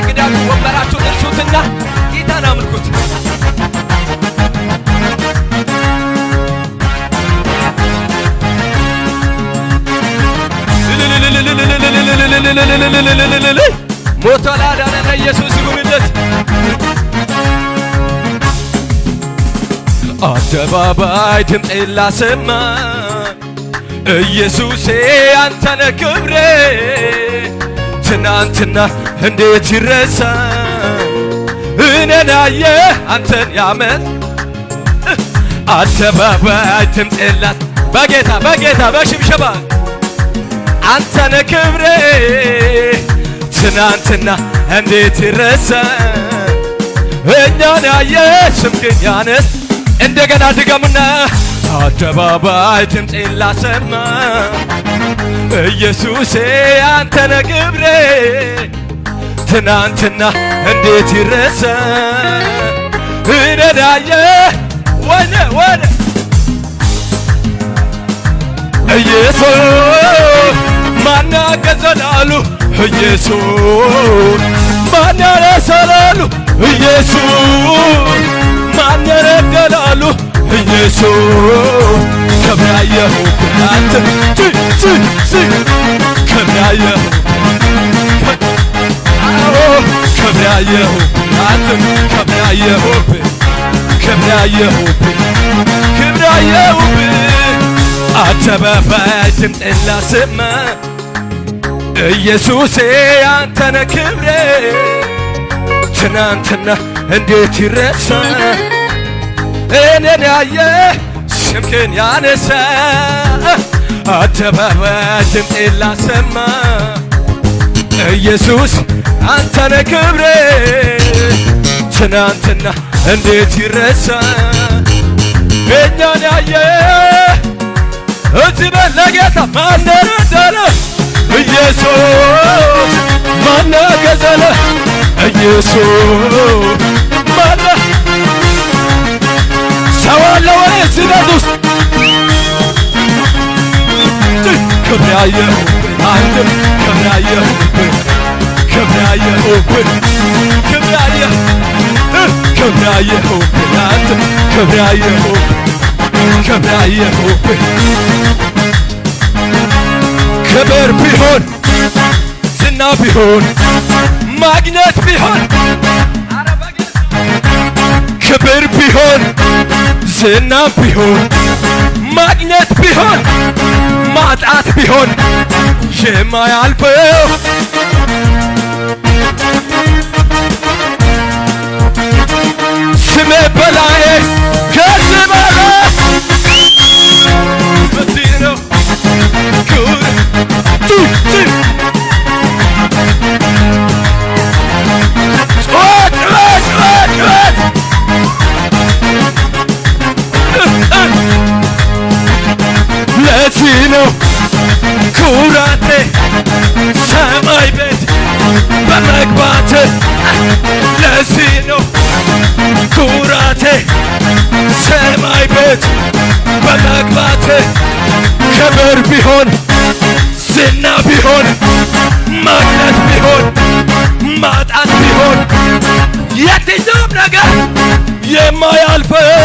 ላይ ግዳሉ ወንበራችሁን እርሱትና ጌታን አምልኩት። ሞቶ ላዳነን ኢየሱስ ይሁንለት። አደባባይ ድምፄ ላሰማ ኢየሱሴ አንተነ ክብሬ ትናንትና እንዴት ይረሳ እኔን አየ አንተን ያመን አደባባይ ድምፅ የላት በጌታ በጌታ በሽብሸባ አንተነ ክብሬ ትናንትና እንዴት ይረሳ እኛን ያየ ስምግኛነት እንደገና ድገምና አደባባይ ድምፅ ላሰማ ኢየሱሴ አንተነ ክብሬ ትናንትና እንዴት ይረሳ እነዳየ ወደ ወደ ኢየሱስ ማናገዘላሉ ኢየሱስ ማናረሰላሉ ኢየሱስ ማናረገላሉ ኢየሱስ ከብናየሁ አንተም ከብናየሁብ ከብናየሁብ ከብናየሁብ አደባባይ ድምጤን ላሰማ ኢየሱሴ አንተነ ክብሬ ትናንትና እንዴት ይረሳ እኔን ያየ ስምክን ያነሳ አደባባይ ድምጤን ላሰማ ኢየሱስ አንተነ ክብሬ ትናንትና እንዴት ይረሳ የኛን ያየ እጅ በለጌታ ማነረዳለ ኢየሱስ ማነገዘለ ኢየሱስ ማነ ሰዋለ ወሬ ሲነት ውስጥ ክብሬ አየ አንድ ክብሬ አየ كبرايا أوبن كبرايا كبرايا أوبن كبرايا أوبن كبرايا أوبن كبر بيهون زنا بيهون ماجنت بيهون كبر بيهون زنا بيهون ماجنت بيهون ማጣት ቢሆን में भलाए ቤት በመግባት ክብር ቢሆን ዝና ቢሆን ማግኘት ቢሆን ማጣት ቢሆን የትኛውም ነገር የማያልፈው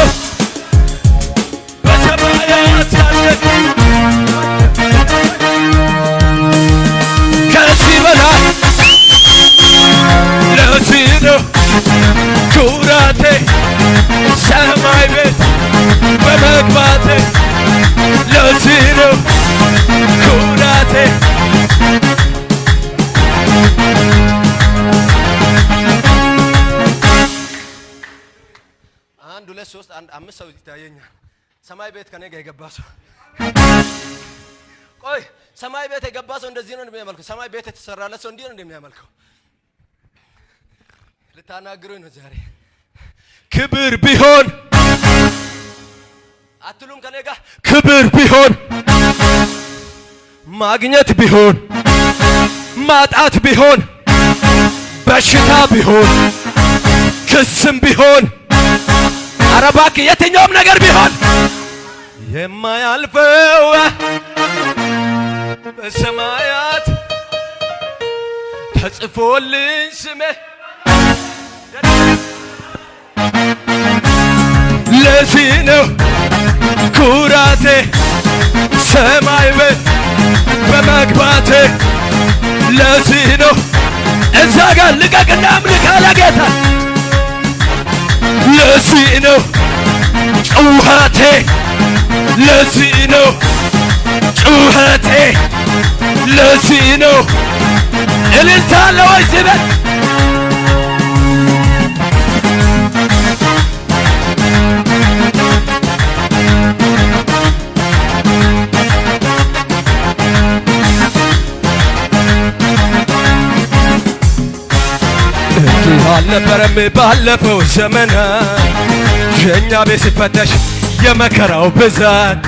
አንድ ሁለት ሶስት አንድ አምስት ሰው ይታየኛል። ሰማይ ቤት ከኔ ጋር የገባ ሰው ቆይ፣ ሰማይ ቤት የገባ ሰው እንደዚህ ነው እንደሚያመልከው። ሰማይ ቤት የተሰራለት ሰው እንዲህ ነው እንደሚያመልከው። ልታናግሩኝ ነው ዛሬ። ክብር ቢሆን አትሉም ከኔ ጋር ክብር ቢሆን ማግኘት ቢሆን ማጣት ቢሆን በሽታ ቢሆን ክስም ቢሆን ኧረ እባክህ የትኛውም ነገር ቢሆን የማያልፈው በሰማያት ተጽፎልኝ ስሜ ለዚህ ነው ኩራቴ ሰማይ ቤት በመግባቴ ለዚህ ነው እዛ ጋር ልቀቅና አምልክ አለ ጌታ ለዚህ ነው ጩኸቴ፣ ለዚህ ነው ጩኸቴ፣ ለዚህ ነው እልልታ ለወጅበት አልነበረም ባለፈው ዘመን የእኛ ቤት ሲፈተሽ የመከራው ብዛት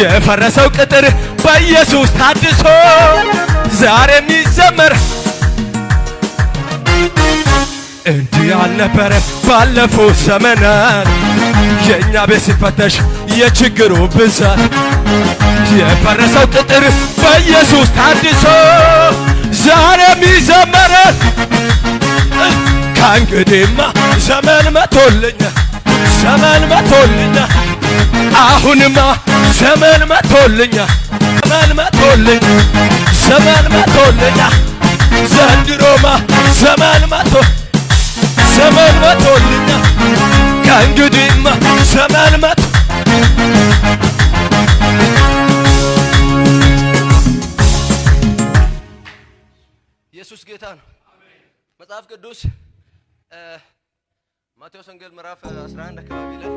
የፈረሰው ቅጥር በኢየሱስ ታድሶ ዛሬ የሚዘመር እንዲህ አልነበረ ባለፈው ዘመን የእኛ ቤት ሲፈተሽ የችግሩ ብዛት የፈረሰው ቅጥር በኢየሱስ ታድሶ ዛሬ ይዘመራል። ከእንግዲህማ ዘመን መቶልኛ ዘመን መቶልኛ አሁንማ ዘመን መቶልኛ ዘመን መቶልኛ ዘመን መቶልኛ ዘንድሮማ ዘመን መቶ ዘመን መቶልኛ ከእንግዲህማ ዘመን መቶ ኢየሱስ ጌታ ነው። መጽሐፍ ቅዱስ ማቴዎስ ወንጌል ምዕራፍ 11 አካባቢ ላይ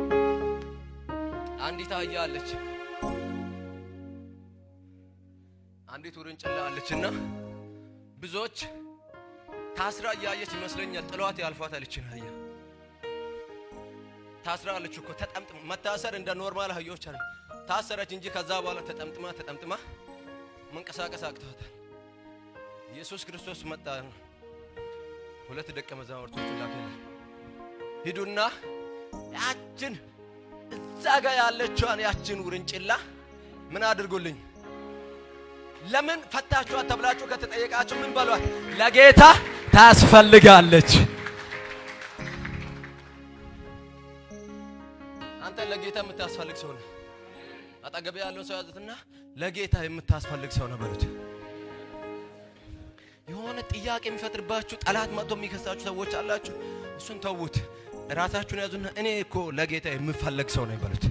አንዲት አህያ አለች፣ አንዲት ውርንጭላ አለችና ብዙዎች ታስራ እያየች ይመስለኛል ጥሏት ያልፏታል። ይችን አህያ ታስራ አለች እኮ ተጠምጥማ። መታሰር እንደ ኖርማል አህዮች አለ ታሰረች እንጂ ከዛ በኋላ ተጠምጥማ ተጠምጥማ መንቀሳቀስ አቅተዋታል። ኢየሱስ ክርስቶስ መጣ ነው ሁለት ደቀ መዛሙርቶች ላከለ። ሂዱና ያችን እዛ ጋር ያለችዋን ያችን ውርንጭላ ምን አድርጉልኝ። ለምን ፈታችኋት ተብላችሁ ከተጠየቃችሁ ምን በሏት? ለጌታ ታስፈልጋለች። አንተ ለጌታ የምታስፈልግ ሰው ነህ። አጠገቤ ያለው ሰው ያዘትና ለጌታ የምታስፈልግ ሰው ነው በሉት። የሆነ ጥያቄ የሚፈጥርባችሁ ጠላት መጥቶ የሚከሳችሁ ሰዎች አላችሁ። እሱን ተዉት፣ ራሳችሁን ያዙና እኔ እኮ ለጌታ የምፈለግ ሰው ነው ይበሉት።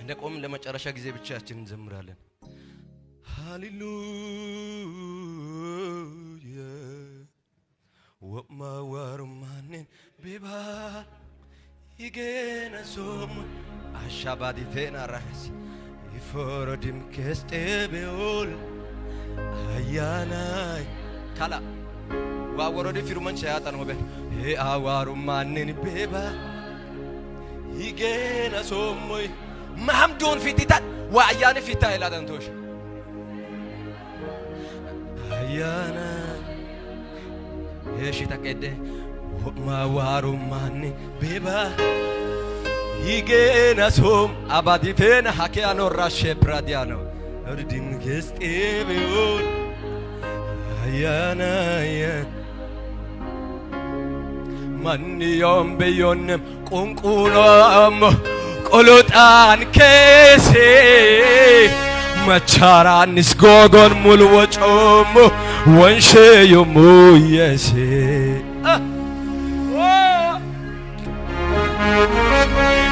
እንደ ቆምን ለመጨረሻ ጊዜ ብቻችን እንዘምራለን። ሃሌሉያ ወማዋሩ ማንን ቤባ ይገነሶም አሻባዲ አሻባዲቴና ራስ ይፎረድም ቤውል ayyaanay kala waa warodi firuman shayaaxan hobe hee awaarummaannin beeba higeena soommoy mahamduun fititan waa ayyaani fitaa ilaatan tooshe ayyaana heeshi taqedde maawaarummaanni beeba higeena soom abadifeena hakeanorra shebradiano እርድም ገስጤ ቢሆን አያናየ ማንዮም ብዮንም ቁንቁኖሞ ቁሉጣን ኬሴ መቻራንስ ጎጎን ሙል ወጮሞ ወንሸዮሙ የሴ Oh!